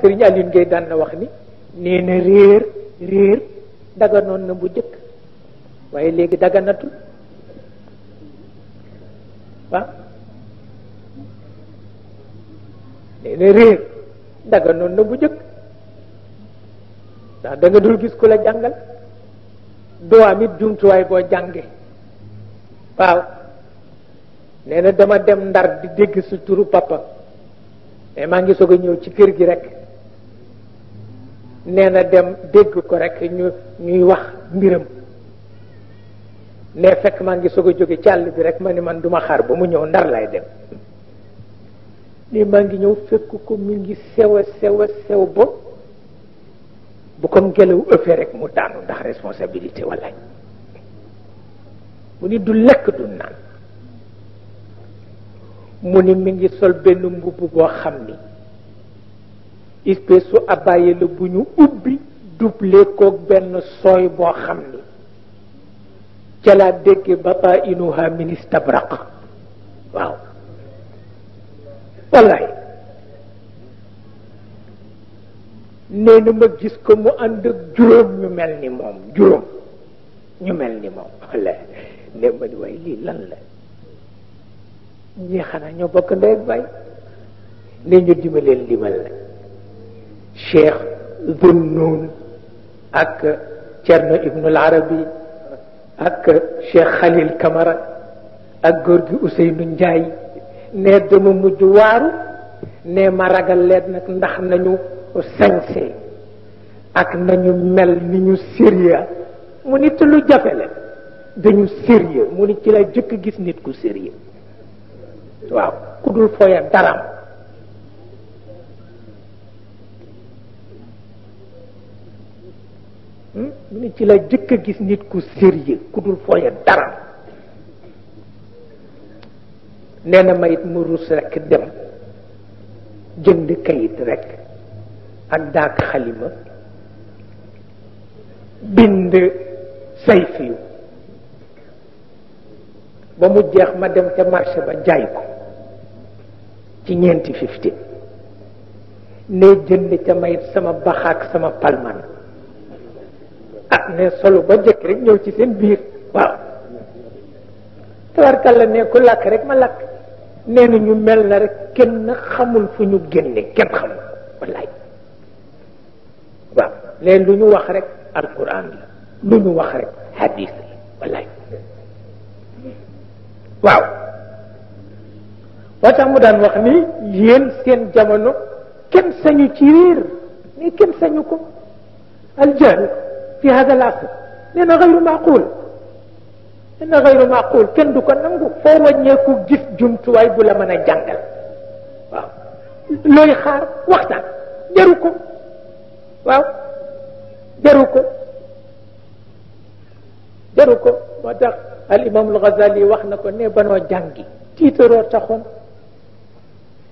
sëriñ Aliou Guèye daan na wax ni nee na réer réer daganoon na bu jëkk waaye léegi daganatul waaw nee na réer daganoon na bu jëkk ndax da nga gis ku la jàngal doo amit jumtuwaay boo jànge waaw nee dama dem ndar di dégg su turu papa mais maa ngi soog a ñëw ci kër gi rek nee na dem dégg ko rek ñu ñuy wax mbiram ne fekk maa ngi soog a jóge ci bi rek ma ni man duma xaar ba mu ñëw ndar lay dem nii maa ngi ñëw fekk ko mu ngi sew a sew a sew ba bu ko ngelaw ëppee rek mu daanu ndax responsabilité walla mu ni du lekk du naan mu ni mi ngi sol benn mbubb boo xam ni espèce abbaye la bu ñu ubbi doublé benn sooy boo xam ni ca laa dégg bata inuha min istabraq waaw wallaay nee na ma gis ko mu ànd juróom ñu mel ni moom juróom ñu mel ni moom wallaay ne ma di waaye lii lan la ñii xanaa ñoo bokk ndey ak baay ne ñu dima leen limal la شيخ ذنون اك جرن ابن العربي اك شيخ خليل كمرة اك جورجي اسيم جاي ندم مجوار نما رجل لد نك ندخ ننو سنسي اك ننو مل ننو سيريا موني تلو جفل دنو سيريا موني تلا جك جس نتكو سيريا واو كدو فويا درام mu ne ci la jëkk a gis nit ku sérieux ku dul fooye dara nee na ma it mu rus rekk dem jënd kayit rekk ak daak xalima bind sayfi yu ba mu jeex ma dem ca marché ba jaay ko ci ñeenti fifty ne jënd ca mayit sama bax sama palman ak ne solu ba jëkk rek ñëw ci seen biir waaw tabarkàlla ne ku làkk rek ma làkk nee na ñu mel na rek kenn xamul fu ñu génne kenn xamul wallaay waaw nee lu ñu wax rek alquran la lu ñu wax rek hadis la wallaay waaw moo tax mu daan wax ni yéen seen jamono kenn sañu ci réer mais kenn sañu ko aljahl fi hada al asr nee maqul nee na maqul kenn du ko nangu foo wàññeeku gis jumtuwaay bu la mën a jàngal waaw looy xaar waxtaan jaru ko waaw jaru ko jaru ko moo tax al imam wax na ko ne banoo jàngi tiitaroo taxoon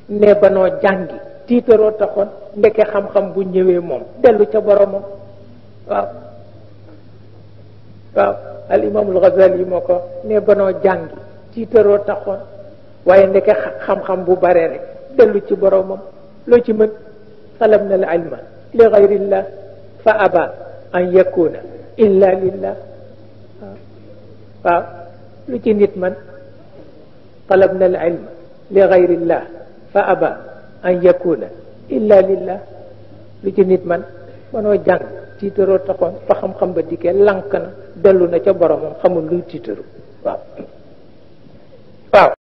ne banoo jàngi tiitaroo taxoon ndeke xam-xam bu ñëwee moom dellu ca boromam waaw waaw al imaamul Ghazali moo ko ne banoo jàngi tiitaroo taxoon waaye ndeke xam-xam bu bare rek dellu ci boromam loo ci mën talab na al ilma li gayrillah fa aba an yakuna illa lillah waaw lu ci nit man talab na al ilma li gayrillah fa aba an yakuna illa lillah lu ci nit man banoo jàng tiitaroo taxoon fa xam-xam ba dikkee lank na dellu na ca boromam xamul luy tiitaru waaw waaw